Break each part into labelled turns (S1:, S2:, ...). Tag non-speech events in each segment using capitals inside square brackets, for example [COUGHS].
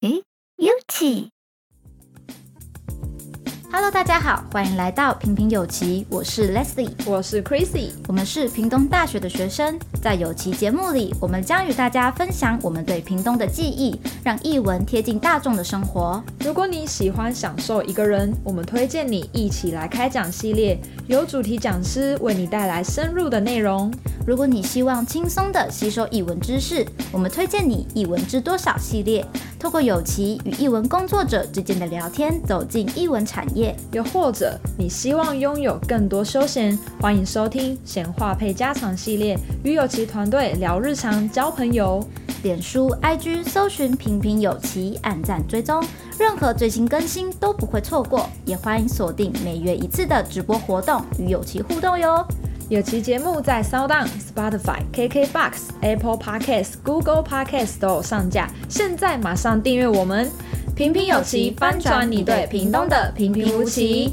S1: 誒，有奇，Hello，大家好，歡迎來到屏屏有奇。我是 Leslie，我是 Crazy，我們是屏東大學的學生。在有奇節目裡，我們將與大家分享我們對屏東的記憶，讓藝文貼近大眾的生活。如果你喜歡享受一個人，我們推薦你一起來開講系列，有主題講師為你帶來深入的內容。如果你希望輕鬆地吸收藝文知識，我們推薦你藝文知多少系列。透過有奇與藝文工作者之間的聊天，走進藝文產業；又或者你希望擁有更多休閒，歡迎收聽閒話配家常系列，與有奇團隊聊日常、交朋友。臉書、IG 搜尋“屏屏有奇”，按讚追蹤，任何最新更新都不會錯過。也歡迎鎖定每月一次的直播活動，與有奇互動喲。有奇節目在 SoundOn Spotify、KK Box、Apple Podcast、Google Podcast 都有上架。現在馬上訂閱我們，屏屏有奇，翻轉你對屏東的平平無奇。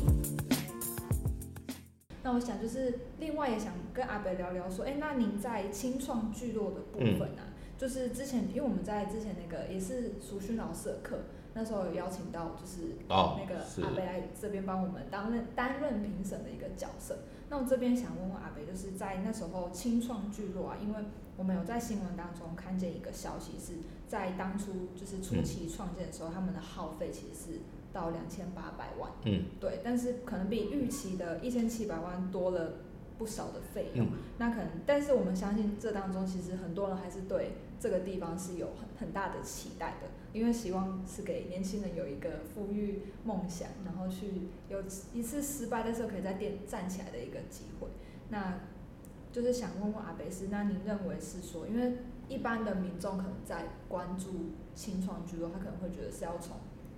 S2: 那我想就是另外也想跟阿伯聊聊，說，哎，那您在青創聚落的部分呢、啊？嗯、就是之前因為我們在之前那個也是熟訓老師的課，那時候有邀請到，就是、哦、那個阿伯來這邊幫我們擔任是擔任評審的一個角色。那這邊想問問阿伯，就是在那時候青創聚落啊，因為我們有在新聞當中看見一個消息，是在當初就是初期創建的時候，嗯、他們的耗費其實是到兩千八百萬，嗯，對，但是可能比預期的一千七百萬多了不少的費用。嗯、那可能，但是我們相信這當中其實很多人還是對這個地方是有很很大的期待的。因為希望是給年輕人有一個富裕夢想，然後去有一次失敗的時候，可以再店站起來的一個機會。那就是想問問阿伯是，那您認為是說，因為一般的民眾可能在關注青創居多，他可能會覺得是要從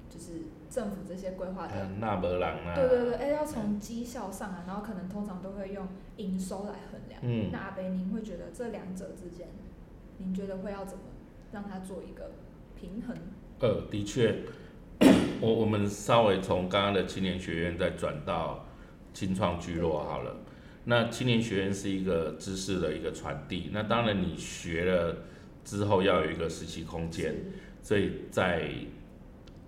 S2: 就是政府這些規劃的，嗯、那
S3: 沒人啊、對對對，哎、
S2: 欸，要從績效上啊，嗯、然後可能通常都會用營收來衡量。嗯、那阿伯您會覺得這兩者之間，您覺得會要怎麼讓他做一個？平
S3: 衡。呃，的確， [COUGHS] 我我們稍微從剛剛的青年學院再轉到青創聚落好了。對那青年學院是一個知識的一個傳遞，那當然你學了之後要有一個實習空間，是所以在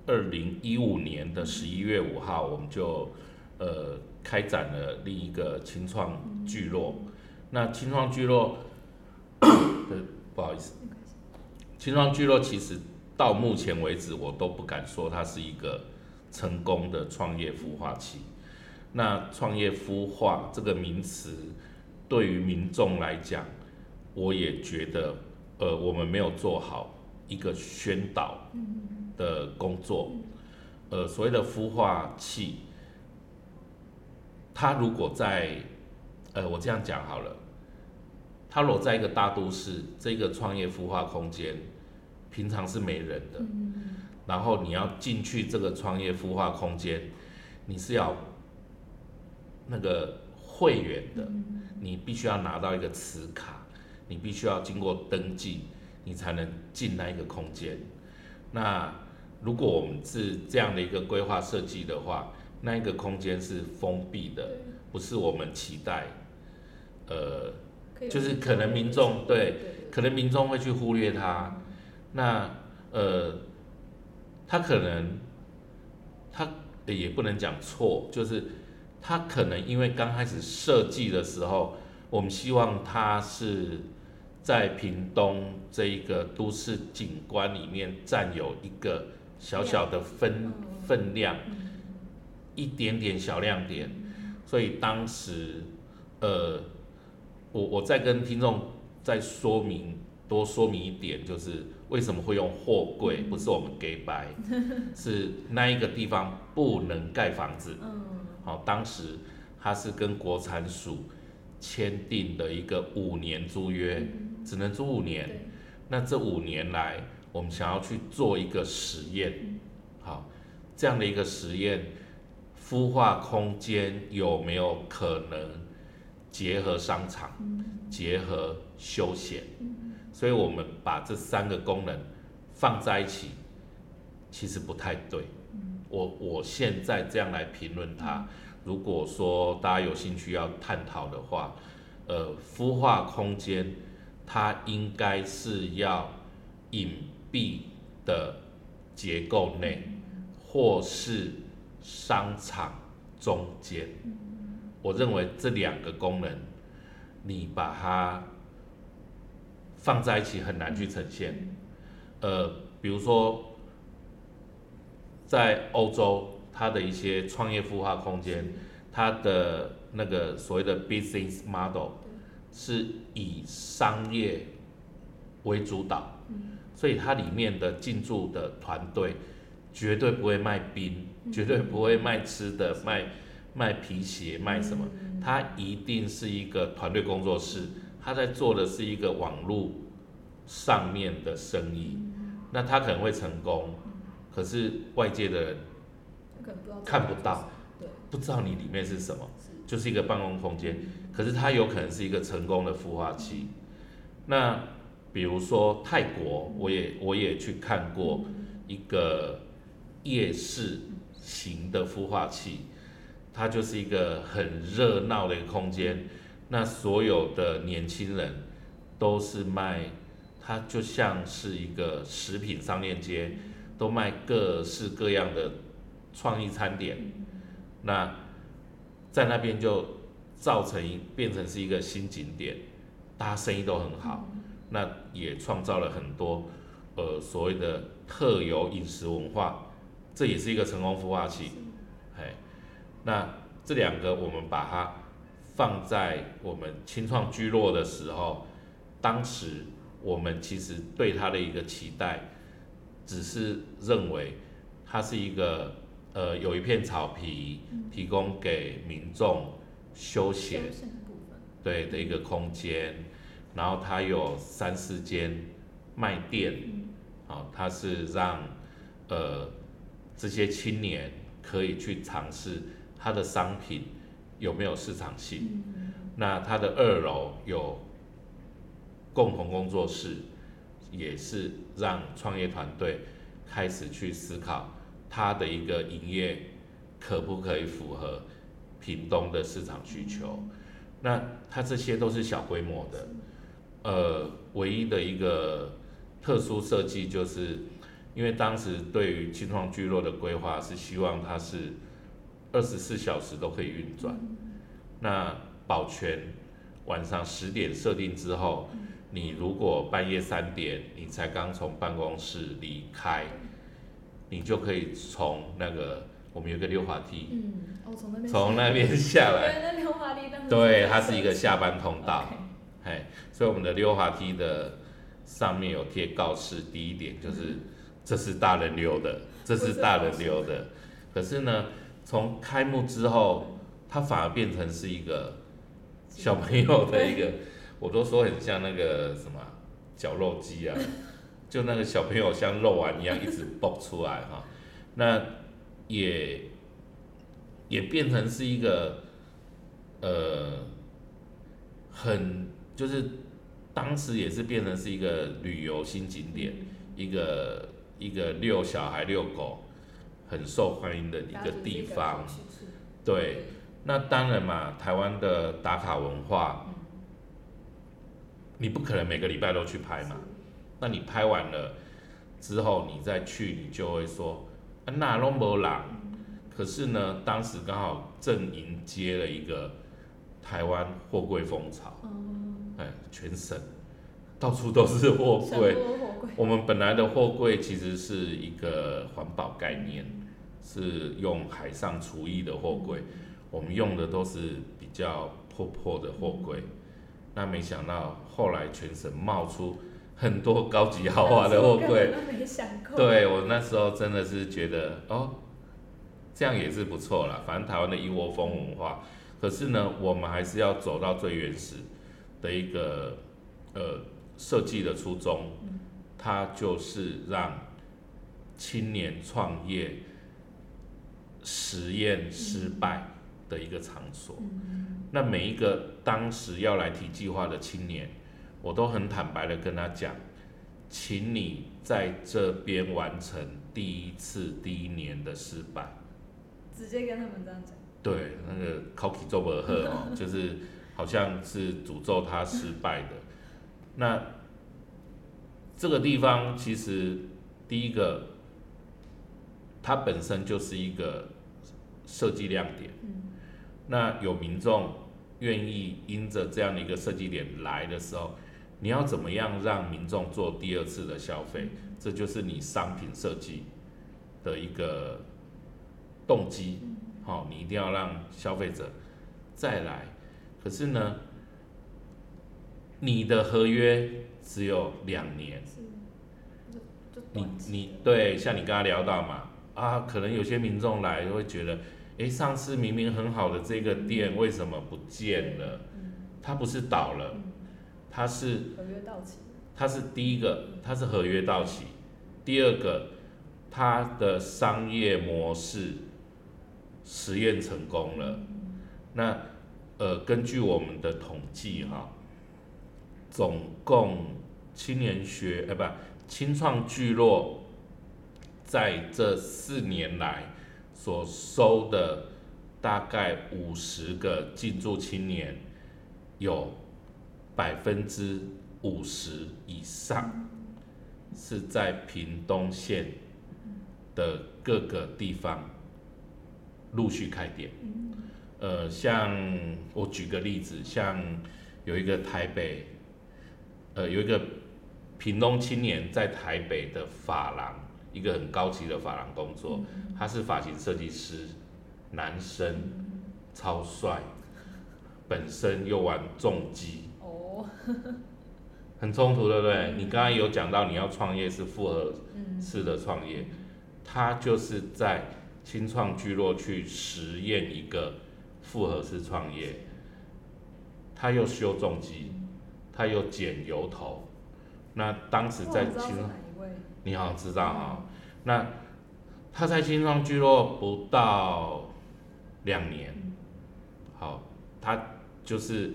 S3: 二零一五年的十一月五號，嗯、我們就呃開展了另一個青創聚落。嗯、那青創聚落，對， [COUGHS] 不好意思，嗯、青創聚落其實。到目前為止，我都不敢說它是一個成功的創業孵化器。那創業孵化這個名詞，對於民眾來講，我也覺得，呃，我們沒有做好一個宣導的工作。呃，所謂的孵化器，它如果在，呃，我這樣講好了，它如果在一個大都市，這個創業孵化空間。平常是沒人的，嗯、然後你要進去這個創業孵化空間，你是要那個會員的，嗯、你必須要拿到一個磁卡，你必須要經過登記，你才能進那一個空間。那如果我們是這樣的一個規劃設計的話，那一個空間是封閉的，對不是我們期待，呃，
S4: 就是可能民
S3: 眾對，對，可能民眾會去忽略它。那呃，他可能，他也不能講錯，就是他可能因為剛開始設計的時候，嗯、我們希望他是在屏東這一個都市景觀裡面占有一個小小的分、嗯、分量，一點點小亮點，所以當時呃，我我再跟聽眾再說明多說明一點，就是。為什麼會用貨櫃？嗯、不是我們假掰，是那一個地方不能蓋房子。嗯、好，當時它是跟國產署簽訂的一個五年租約，嗯、只能租五年。對那這五年來，我們想要去做一個實驗，嗯、好，這樣的一個實驗，孵化空間有沒有可能結合商場，嗯、結合休閒？嗯所以我們把這三個功能放在一起，其實不太對。我我現在這樣來評論它，如果說大家有興趣要探討的話，呃，孵化空間它應該是要隱蔽的結構內，或是商場中間。我認為這兩個功能，你把它。放在一起很難去呈現，呃，比如說在歐洲，它的一些創業孵化空間，它的那個所謂的 business model，是以商業為主導，所以它裡面的進駐的團隊絕對不會賣冰，絕對不會賣吃的，賣賣皮鞋，賣什麼？它一定是一個團隊工作室。他在做的是一個網絡上面的生意，嗯、那他可能會成功，嗯、可是外界的人看不到，不知，不知道你裡面是什麼，是就是一個辦公空間，嗯、可是它有可能是一個成功的孵化器。嗯、那比如說泰國，嗯、我也我也去看過一個夜市型的孵化器，嗯、它就是一個很熱鬧的一個空間。那所有的年輕人都是賣，它就像是一個食品商店街，都賣各式各樣的創意餐點。那在那邊就造成一變成是一個新景點，大家生意都很好。那也創造了很多呃所謂的特有飲食文化，這也是一個成功孵化器。的嘿，那這兩個我們把它。放在我們青創聚落的時候，當時我們其實對它的一個期待，只是認為它是一個呃有一片草皮提供給民眾休閒對的一個空間，然後它有三四間賣店，啊、哦，它是讓呃這些青年可以去嘗試它的商品，有沒有市場性？那它的二樓有共同工作室，也是讓創業團隊開始去思考它的一個營業可不可以符合屏東的市場需求。嗯、那它這些都是小規模的，的呃，唯一的一個特殊設計就是，因為當時對於青創聚落的規劃是希望它是，二十四小時都可以運轉。那保全晚上十點設定之後，你如果半夜三點，你才剛從辦公室離開，你就可以從那個我們有個溜滑梯，
S4: 從那邊下來，對，它是一個
S3: 下班通道。所以我們的溜滑梯的上面有貼告示，第一點就是這是大人溜的，這是大人溜的。可是呢？從開幕之後，它反而變成是一個小朋友的一個，我都說很像那個什麼絞肉機啊， [LAUGHS] 就那個小朋友像肉丸一樣一直蹦出來哈， [LAUGHS] 那也也變成是一個呃很就是當時也是變成是一個旅遊新景點，嗯、一個一個遛小孩遛狗。很受歡迎的一個地方，對，那當然嘛，台灣的打卡文化，你不可能每個禮拜都去拍嘛，那你拍完了之後，你再去，你就會說，那攏不啦。可是呢，當時剛好正迎接了一個台灣貨櫃風潮，哎，全省到處都是貨櫃。貨櫃，我們本來的貨櫃其實是一個環保概念。是用海上廚藝的貨櫃，嗯、我們用的都是比較破破的貨櫃，那沒想到後來全省冒出很多高級豪華的貨櫃，我剛剛對，我那時候真的是覺得哦，這樣也是不錯啦，反正台灣的一窩蜂文化，可是呢，我們還是要走到最原始的一個呃設計的初衷，它就是讓青年創業。實驗失敗的一個場所。那每一個當時要來提計劃的青年，我都很坦白的跟他講，請你在這邊完成第一次第一年的失敗。
S2: 直接跟他們這樣講。
S3: 對，那個 Cocky Job 爾哦， [LAUGHS] 就是好像是詛咒他失敗的。那這個地方其實、嗯、第一個，它本身就是一個。設計亮點，那有民眾願意因着這樣的一個設計點來的時候，你要怎麼樣讓民眾做第二次的消費？嗯、這就是你商品設計的一個動機。好、嗯哦，你一定要讓消費者再來。可是呢，你的合約只有兩年，嗯、你你對，像你剛剛聊到嘛，啊，可能有些民眾來會覺得。誒，上次明明很好的這個店為什麼不見了？它不是倒了，它是合約到期。它是第一個，它是合約到期；第二個，它的商業模式實驗成功了。嗯、那呃，根據我們的統計哈，總共青年學呃、哎，不青創聚落，在這四年來。所收的大概五十個進駐青年有50，有百分之五十以上是在屏東縣的各個地方陸續開店。呃，像我舉個例子，像有一個台北，呃，有一個屏東青年在台北的髮廊。一個很高級的髮廊工作，嗯、他是髮型設計師，嗯、男生，嗯、超帥，本身又玩重機，哦， [LAUGHS] 很衝突，對不對？嗯、你剛剛有講到你要創業是複合式的創業，嗯、他就是在青創聚落去實驗一個複合式創業，他又修重機，嗯、他又剪油頭，那當時在青，創，哪一位？你好像知道啊、哦？對嗯那他在青創聚落不到兩年，嗯、好，他就是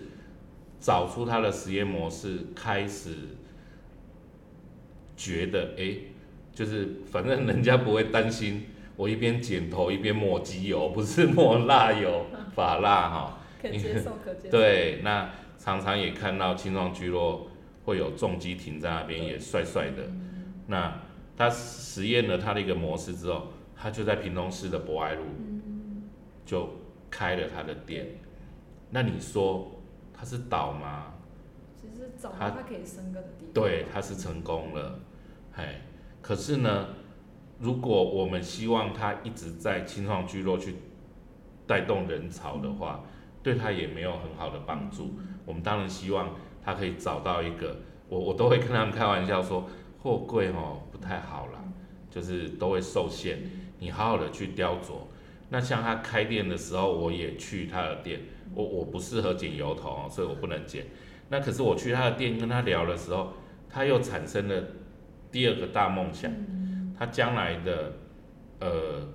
S3: 找出他的實驗模式，開始覺得哎，就是反正人家不會擔心我一邊剪頭一邊抹機油，嗯、不是抹蠟油，髮蠟哈， [LAUGHS] 對，那常常也看到青創聚落會有重機停在那邊，對也帥帥的，嗯、那。他實驗了他的一個模式之後，他就在屏東市的博愛路就開了他的店。嗯、那你說他是倒嗎？其實倒他、他、
S2: 他可以生
S4: 根
S3: 的地方。對，他是成功了，哎對，可是呢，嗯、如果我們希望他一直在青創聚落去帶動人潮的話，對他也沒有很好的幫助。嗯、我們當然希望他可以找到一個，我我都會跟他們開玩笑說。嗯嗯貨櫃哦不太好啦，就是都會受限。你好好的去雕琢。那像他開店的時候，我也去他的店。我我不適合剪油頭，所以我不能剪。那可是我去他的店跟他聊的時候，他又產生了第二個大夢想。他將來的呃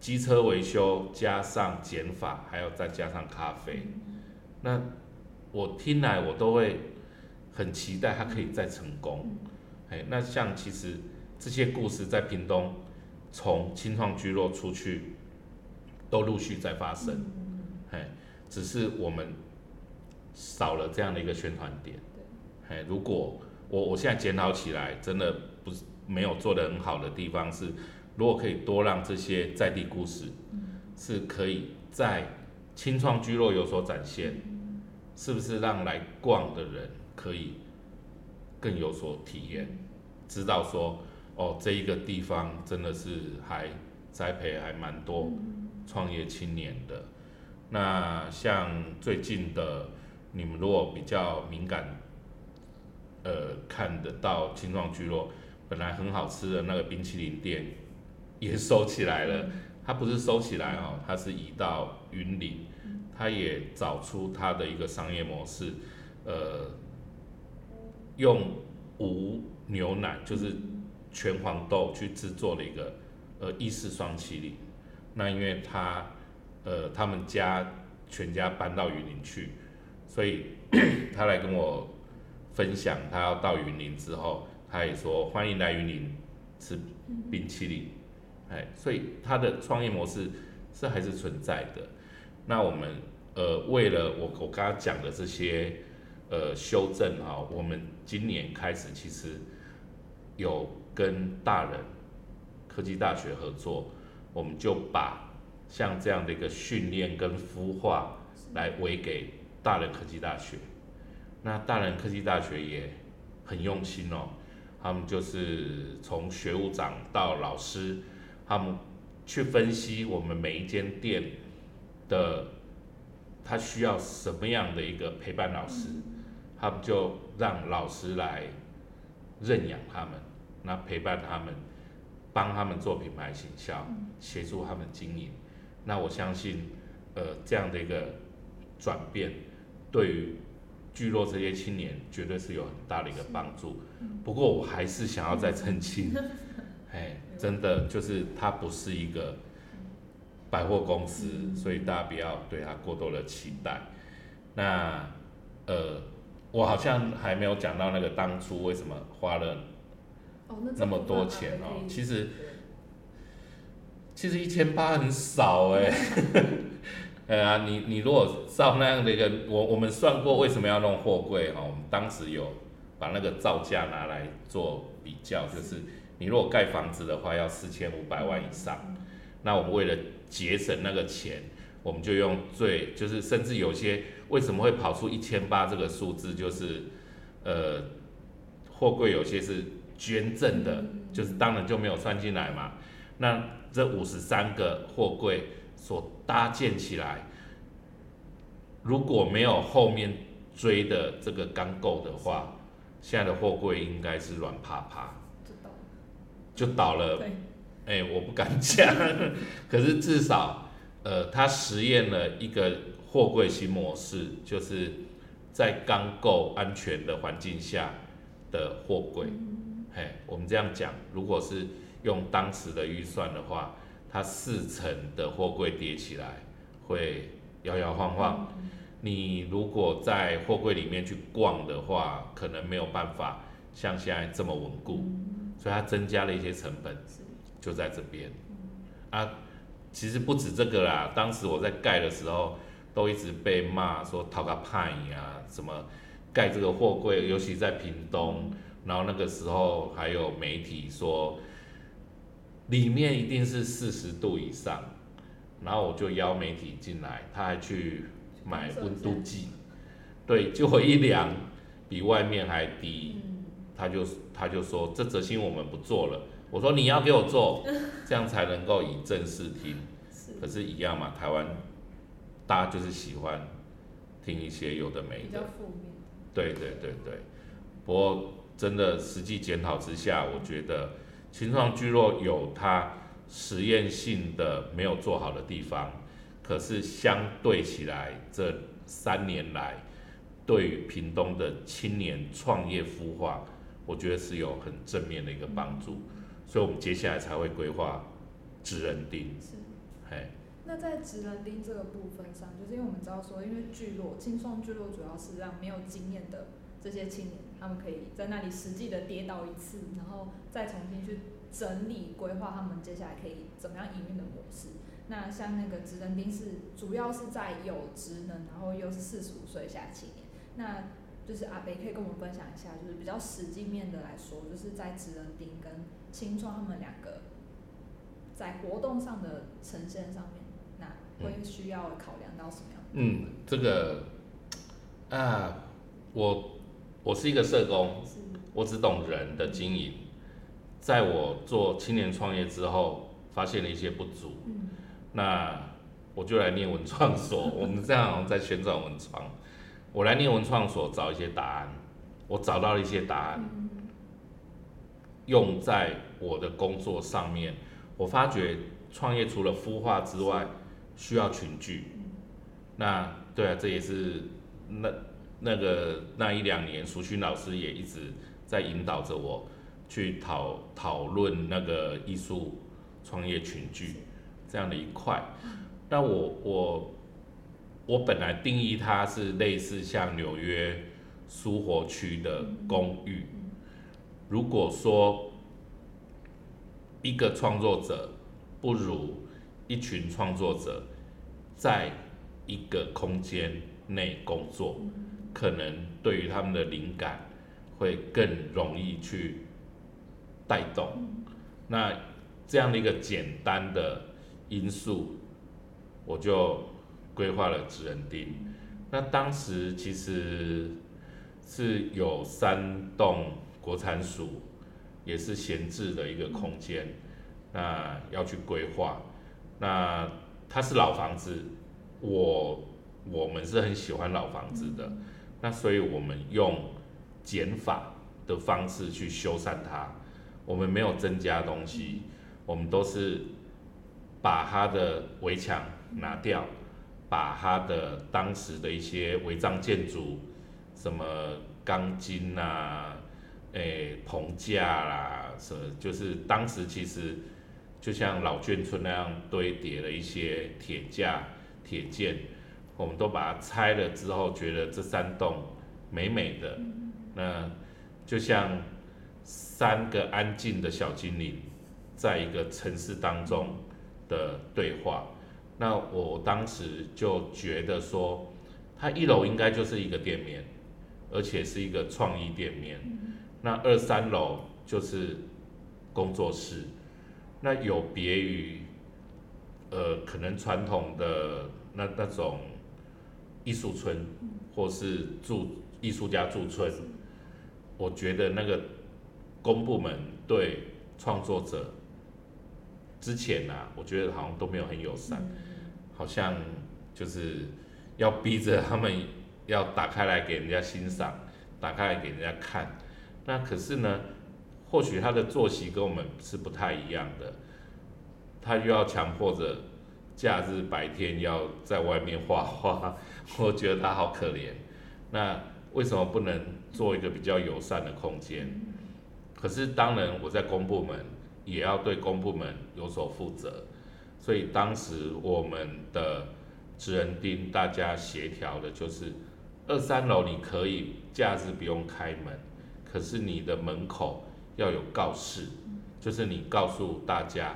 S3: 機車維修加上剪髮，還有再加上咖啡。那我聽來我都會很期待他可以再成功。哎，那像其實這些故事在屏東，從青創聚落出去，都陸續在發生。哎，只是我們少了這樣的一個宣傳點。哎，如果我我現在檢討起來，真的不是沒有做得很好的地方是，如果可以多讓這些在地故事，是可以在青創聚落有所展現，是不是讓來逛的人可以？更有所體驗，知道說哦，這一個地方真的是還栽培還蠻多、嗯、創業青年的。那像最近的，你們如果比較敏感，呃，看得到青創聚落，本來很好吃的那個冰淇淋店也收起來了。它不是收起來哦，它是移到雲林，嗯、它也找出它的一個商業模式，呃。用無牛奶，就是全黃豆去製作的一個呃意式霜淇淋。那因為他呃他們家全家搬到雲林去，所以他來跟我分享，他要到雲林之後，他也說歡迎來雲林吃冰淇淋。哎，所以他的創業模式是還是存在的。那我們呃為了我我剛剛講的這些。呃，修正好，我們今年開始其實有跟大人科技大學合作，我們就把像這樣的一個訓練跟孵化來委給大人科技大學。那大人科技大學也很用心哦，他們就是從學務長到老師，他們去分析我們每一間店的他需要什麼樣的一個陪伴老師。嗯他們就讓老師來認養他們，那陪伴他們，幫他們做品牌形象，協、嗯、助他們經營。那我相信，呃，這樣的一個轉變，對於聚落這些青年絕對是有很大的一個幫助。嗯、不過我還是想要再澄清，
S4: 嗯
S3: 欸、真的就是他不是一個百貨公司，嗯、所以大家不要對他過多的期待。那呃。我好像還沒有講到那個當初為什麼花了
S4: 那麼多錢哦。其實
S3: 其實一千八很少哎。對啊，你你如果照那樣的一個，我我們算過為什麼要弄貨櫃哈。我們當時有把那個造價拿來做比較，就是你如果蓋房子的話要四千五百萬以上，那我們為了節省那個錢。我們就用最，就是甚至有些為什麼會跑出一千八這個數字，就是呃，貨櫃有些是捐贈的，嗯、就是當然就沒有算進來嘛。那這五十三個貨櫃所搭建起來，如果沒有後面追的這個鋼構的話，現在的貨櫃應該是軟趴趴，就倒了。哎對、欸，我不敢講，可是至少。呃，它實驗了一個貨櫃新模式，就是在剛夠安全的環境下的貨櫃。嗯嗯嘿，我們這樣講，如果是用當時的預算的話，它四層的貨櫃疊起來會搖搖晃晃。嗯嗯你如果在貨櫃裡面去逛的話，可能沒有辦法像現在這麼穩固，嗯嗯所以它增加了一些成本，就在這邊、嗯、啊。其實不止這個啦，當時我在蓋的時候，都一直被罵說 pine 啊，什麼蓋這個貨櫃，尤其在屏東，然後那個時候還有媒體說裡面一定是四十度以上，然後我就邀媒體進來，他還去買溫度計，對，就會一量比外面還低，他就他就說這則新聞我們不做了。我說你要給我做，這樣才能夠以正視聽。是。可是，一樣嘛，台灣大家就是喜歡聽一些有的沒的。比較負面。對對對對，不過真的實際檢討之下，嗯。我覺得青創聚落有它實驗性的沒有做好的地方，可是相對起來，這三年來對於屏東的青年創業孵化，我覺得是有很正面的一個幫助。嗯。所以，我們接下來才會規劃職人町。是，
S2: 那在職人町這個部分上，就是因為我們知道說，因為聚落、青創聚落，主要是讓沒有經驗的這些青年，他們可以在那裡實際的跌倒一次，然後再重新去整理規劃他們接下來可以怎麼樣營運的模式。那像那個職人町是主要是在有職能，然後又是四十五歲以下青年。那就是阿伯可以跟我們分享一下，就是比較實際面的來說，就是在職人町跟青創他們兩個在活動上的呈現上面，那會需要考量到什麼樣？
S3: 嗯，這個啊，我我是一個社工，是是我只懂人的經營。在我做青年創業之後，發現了一些不足，嗯、那我就來念文創所。 [LAUGHS] 我們這樣在旋轉文創，我來念文創所找一些答案，我找到了一些答案。嗯用在我的工作上面，我發覺創業除了孵化之外，需要群聚。那對啊，這也是那那個那一兩年，蘇群老師也一直在引導着我去討討論那個藝術創業群聚這樣的一塊。但我我我本來定義它是類似像紐約蘇活區的公寓。如果說一個創作者不如一群創作者在一個空間內工作，嗯、可能對於他們的靈感會更容易去帶動。嗯、那這樣的一個簡單的因素，我就規劃了職人町。嗯、那當時其實是有三棟。國產署也是閒置的一個空間，那要去規劃。那它是老房子，我我們是很喜歡老房子的。嗯、那所以我們用減法的方式去修繕它，我們沒有增加東西，嗯、我們都是把它的圍牆拿掉，把它的當時的一些違章建築，什麼鋼筋啊。誒、哎，棚架啦，什麼就是當時其實就像老眷村那樣堆疊了一些鐵架、鐵件，我們都把它拆了之後，覺得這三棟美美的。那就像三個安靜的小精靈，在一個城市當中的對話。那我當時就覺得說，它一樓應該就是一個店面，而且是一個創意店面。那二三樓就是工作室，那有別於呃，可能傳統的那那種藝術村或是住藝術家駐村，是我覺得那個公部門對創作者之前呢、啊、我覺得好像都沒有很友善，嗯、好像就是要逼着他們要打開來給人家欣賞，打開來給人家看。那可是呢，或許他的作息跟我們是不太一樣的，他又要強迫着假日白天要在外面畫畫，我覺得他好可憐。那為什麼不能做一個比較友善的空間？可是當然，我在公部門也要對公部門有所負責，所以當時我們的職人町大家協調的就是二三樓你可以假日不用開門。可是你的門口要有告示，就是你告訴大家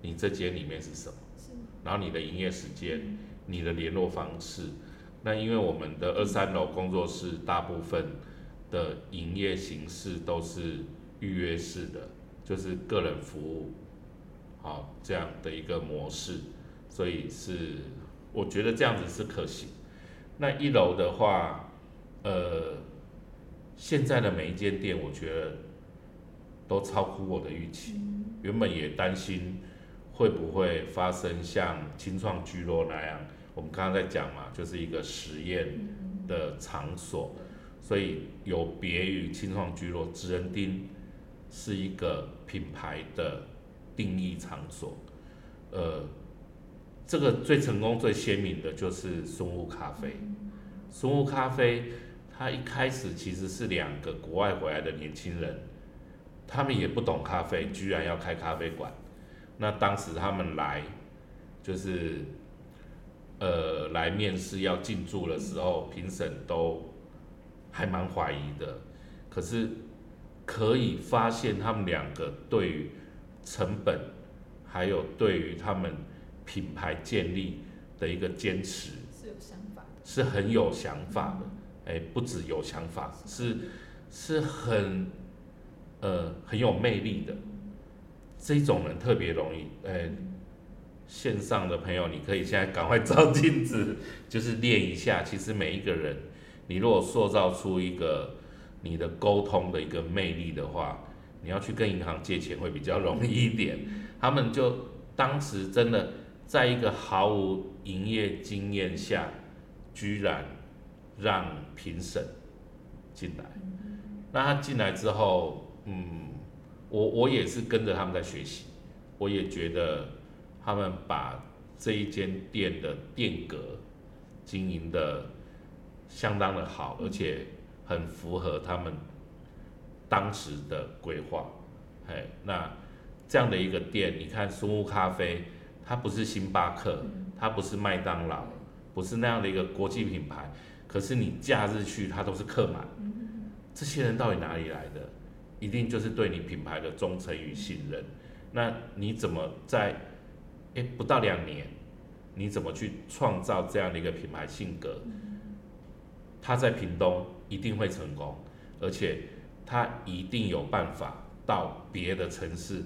S3: 你這間裡面是什麼，是然後你的營業時間、你的聯絡方式。那因為我們的二三樓工作室大部分的營業形式都是預約式的，就是個人服務，好這樣的一個模式，所以是我覺得這樣子是可行。那一樓的話，呃。現在的每一間店，我覺得都超乎我的預期。原本也擔心會不會發生像青創聚落那樣，我們剛剛在講嘛，就是一個實驗的場所，所以有別於青創聚落，職人町是一個品牌的定義場所。呃，這個最成功、最鮮明的就是松屋咖啡。松屋咖啡。他一開始其實是兩個國外回來的年輕人，他們也不懂咖啡，居然要開咖啡館。那當時他們來，就是，呃，來面試要進駐的時候，評審都還蠻懷疑的。可是可以發現，他們兩個對於成本，還有對於他們品牌建立的一個堅持，是有想法的，是很有想法的。哎，不只有想法，是是很，呃，很有魅力的，這種人特別容易。哎，線上的朋友，你可以現在趕快照鏡子，就是練一下。 [LAUGHS] 其實每一個人，你如果塑造出一個你的溝通的一個魅力的話，你要去跟銀行借錢會比較容易一點。他們就當時真的在一個毫無營業經驗下，居然讓。評審進來，那他進來之後，嗯，我我也是跟着他們在學習，我也覺得他們把這一間店的店格經營的相當的好，而且很符合他們當時的規劃。嘿，那這樣的一個店，你看松屋咖啡，它不是星巴克，它不是麥當勞，不是那樣的一個國際品牌。可是你假日去，它都是客滿。這些人到底哪裡來的？一定就是對你品牌的忠誠與信任。那你怎麼在？誒，不到兩年，你怎麼去創造這樣的一個品牌性格？他在屏東一定會成功，而且他一定有辦法到別的城市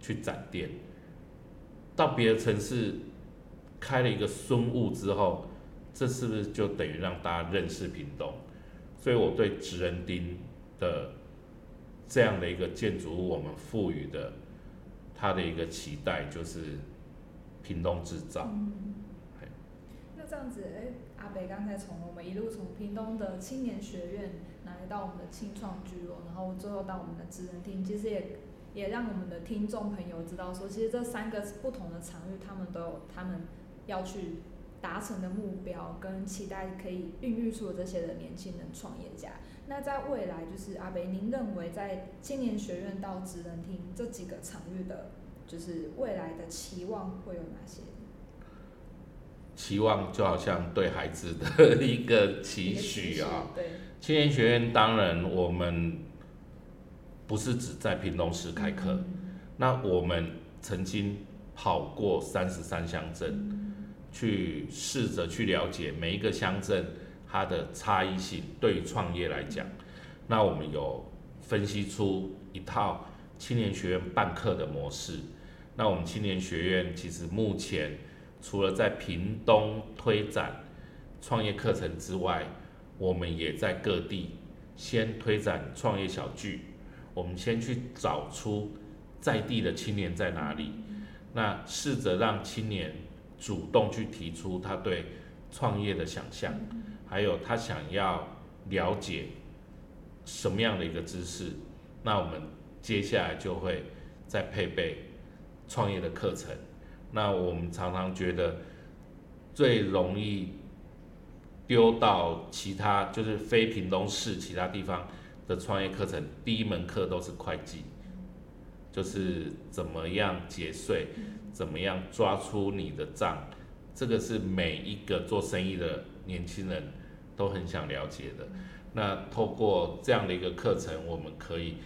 S3: 去展店，到別的城市開了一個孫悟之後。這是不是就等於讓大家認識屏東？所以我對職人町的這樣的一個建築物，我們賦予的它的一個期待就是屏東製造，嗯。
S2: 那這樣子，欸、阿北剛才從我們一路從屏東的青年學院來到我們的青創聚落，然後最後到我們的職人町，其實也也讓我們的聽眾朋友知道，說其實這三個不同的場域，他們都有他們要去。達成的目標跟期待，可以孕育出這些的年輕人創業家。那在未來，就是阿伯，您認為在青年學院到職人町這幾個場域的，就是未來的期望會有哪些？
S3: 期望就好像對孩子的一個期許啊期。對，青年學院當然我們不是只在屏東市開課，嗯嗯嗯嗯，那我們曾經跑過三十三鄉鎮。嗯嗯去試着去了解每一個鄉鎮它的差異性，對於創業來講，那我們有分析出一套青年學院辦課的模式。那我們青年學院其實目前除了在屏東推展創業課程之外，我們也在各地先推展創業小聚。我們先去找出在地的青年在哪裡，那試着讓青年。主動去提出他對創業的想象嗯嗯還有他想要了解什麼樣的一個知識，那我們接下來就會再配備創業的課程。那我們常常覺得最容易丟到其他，就是非屏東市其他地方的創業課程，第一門課都是會計，就是怎麼樣節稅。嗯怎麼樣抓出你的賬？這個是每一個做生意的年輕人都很想了解的。那透過這樣的一個課程，我們可以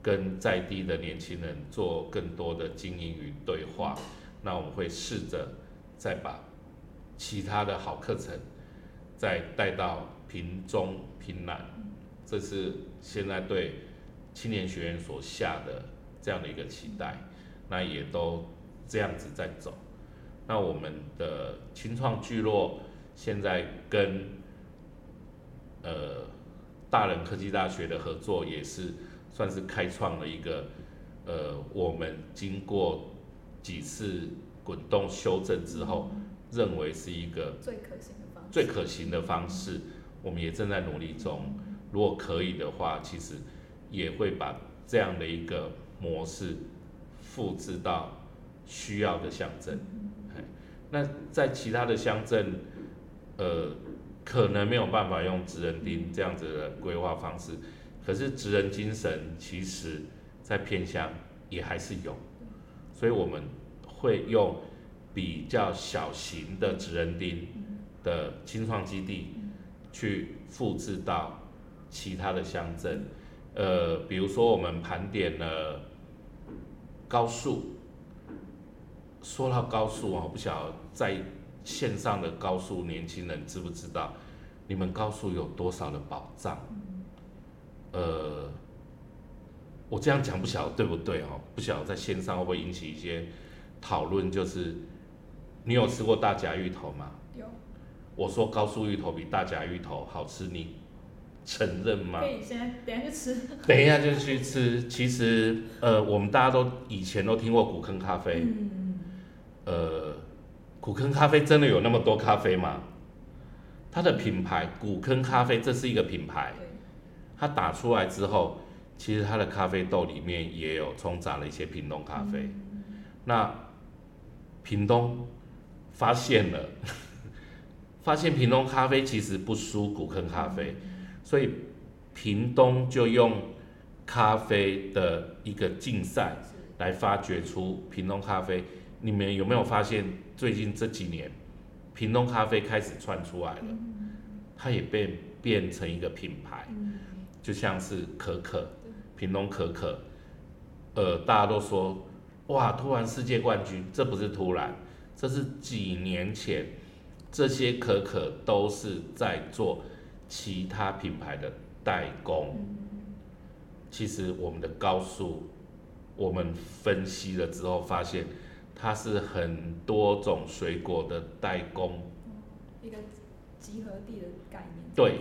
S3: 跟在地的年輕人做更多的經營與對話。那我們會試着再把其他的好課程再帶到屏中、屏南。這是現在對青年學院所下的這樣的一個期待。那也都。這樣子在走，那我們的青創聚落現在跟呃，大仁科技大學的合作也是算是開創了一個呃，我們經過幾次滾動修正之後，嗯、認為是一個最可行的方式，最可行的方式。我們也正在努力中，如果可以的話，其實也會把這樣的一個模式複製到。需要的鄉鎮，那在其他的鄉鎮，呃，可能沒有辦法用職人町這樣子的規劃方式，可是職人精神其實，在偏鄉也還是有，所以我們會用比較小型的職人町的青創基地，去複製到其他的鄉鎮，呃，比如說我們盤點了高速。說到高速啊，我不曉得在線上的高速年輕人知不知道，你們高速有多少的保障？嗯、呃，我這樣講不曉得對不對哦？不曉得在線上會不會引起一些討論？就是你有吃過大甲芋頭嗎？有。我說高速芋頭比大甲芋頭好吃，你承認嗎？可
S2: 以，現在，等一下就吃。 [LAUGHS]
S3: 等一下就去吃。其實呃，我們大家都以前都聽過古坑咖啡。嗯呃，古坑咖啡真的有那麼多咖啡嗎？它的品牌古坑咖啡，這是一個品牌，它打出來之後，其實它的咖啡豆裡面也有沖雜了一些屏東咖啡。嗯嗯嗯，那屏東發現了，發現屏東咖啡其實不輸古坑咖啡，所以屏東就用咖啡的一個競賽來發掘出屏東咖啡。你們有沒有發現，最近這幾年，嗯、屏東咖啡開始竄出來了，嗯、它也變變成一個品牌，嗯、就像是可可，屏東可可，呃，大家都說，哇，突然世界冠軍，這不是突然，這是幾年前，這些可可都是在做其他品牌的代工，嗯、其實我們的高速，我們分析了之後發現。它是很多種水果的代工，
S2: 一個集合地的概念。對，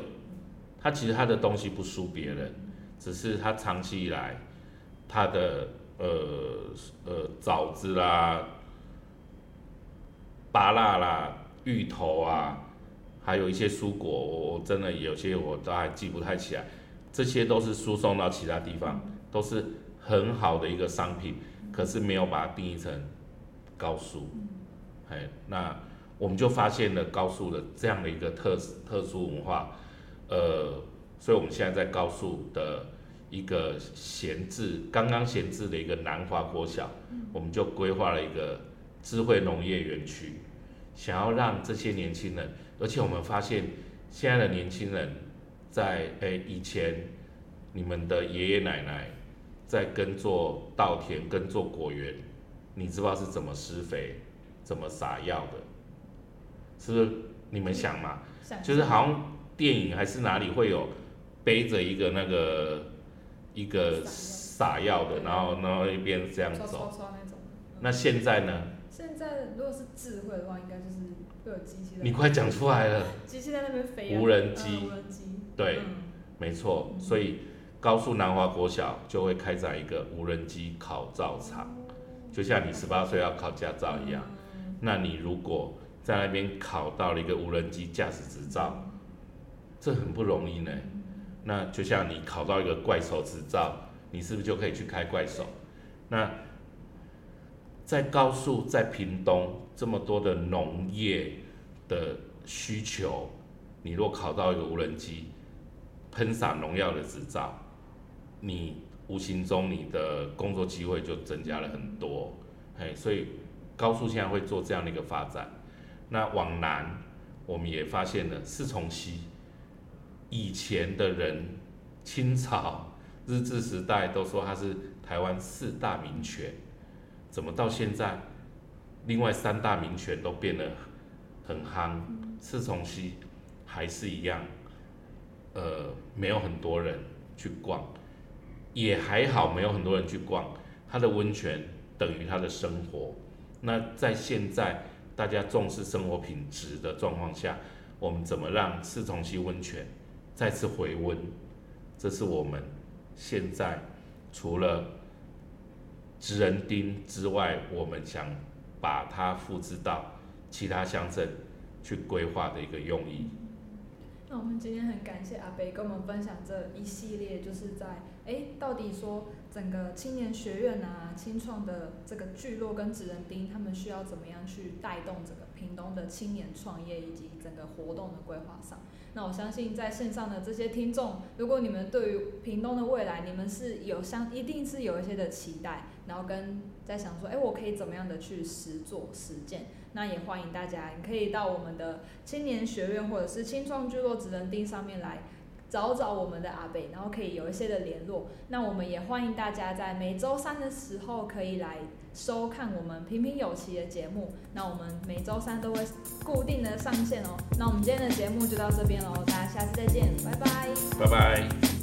S3: 它其實它的東西不輸別人，只是它長期以來，它的呃呃棗子啦、芭樂啦、芋頭啊，還有一些蔬果，我真的有些我都還記不太起來，這些都是輸送到其他地方，都是很好的一個商品，可是沒有把它定義成。高樹。哎，那我們就發現了高樹的這樣的一個特特殊文化，呃，所以我們現在在高樹的一個閒置，剛剛閒置的一個南華國小，我們就規劃了一個智慧農業園區，想要讓這些年輕人，而且我們發現現在的年輕人在，在哎，以前你們的爺爺奶奶在耕作稻田、耕作果園。你知，知道是怎麼施肥、怎麼撒藥的，是不是？你們想嘛，想就是好像電影還是哪裡會有背着一個那個一個撒藥的，然後然後一邊這樣走，那，嗯、那現在呢？
S4: 現
S2: 在如果是智慧的話，應該就是會有機器。你快講出來了。機器在那邊飛、啊無啊。無人機。
S3: 對，嗯、沒錯。所以高速南華國小就會開展一個無人機考照場。嗯就像你十八歲要考駕照一樣，那你如果在那邊考到了一個無人機駕駛執照，這很不容易呢。那就像你考到一個怪手執照，你是不是就可以去開怪手？那在高速，在屏東這麼多的農業的需求，你若考到一個無人機噴灑農藥的執照，你。無形中，你的工作機會就增加了很多，哎，所以高速現在會做這樣的一個發展。那往南，我們也發現了四重溪，以前的人，清朝日治時代都說它是台灣四大名泉，怎麼到現在，另外三大名泉都變得很夯，四重溪還是一樣，呃，沒有很多人去逛。也還好，沒有很多人去逛。它的溫泉等於它的生活。那在現在大家重視生活品質的狀況下，我們怎麼讓四重溪溫泉再次回溫？這是我們現在除了職人町之外，我們想把它複製到其他鄉鎮去規劃的一個用意。
S2: 那我們今天很感謝阿伯跟我們分享這一系列，就是在哎、欸，到底說整個青年學院啊、青創的這個聚落跟職人町，他們需要怎麼樣去帶動整個屏東的青年創業以及整個活動的規劃上。那我相信在線上的這些聽眾，如果你們對於屏東的未來，你們是有相，一定是有一些的期待。然後跟在想說，哎，我可以怎麼樣的去實做實踐？那也歡迎大家，你可以到我們的青年學院或者是青創聚落職人町上面來找找我們的阿伯，然後可以有一些的聯絡。那我們也歡迎大家在每週三的時候可以來收看我們屏屏有奇的節目。那我們每週三都會固定的上線哦。那我們今天的節目就到這邊嘍，大家下次再見，拜拜，
S3: 拜拜。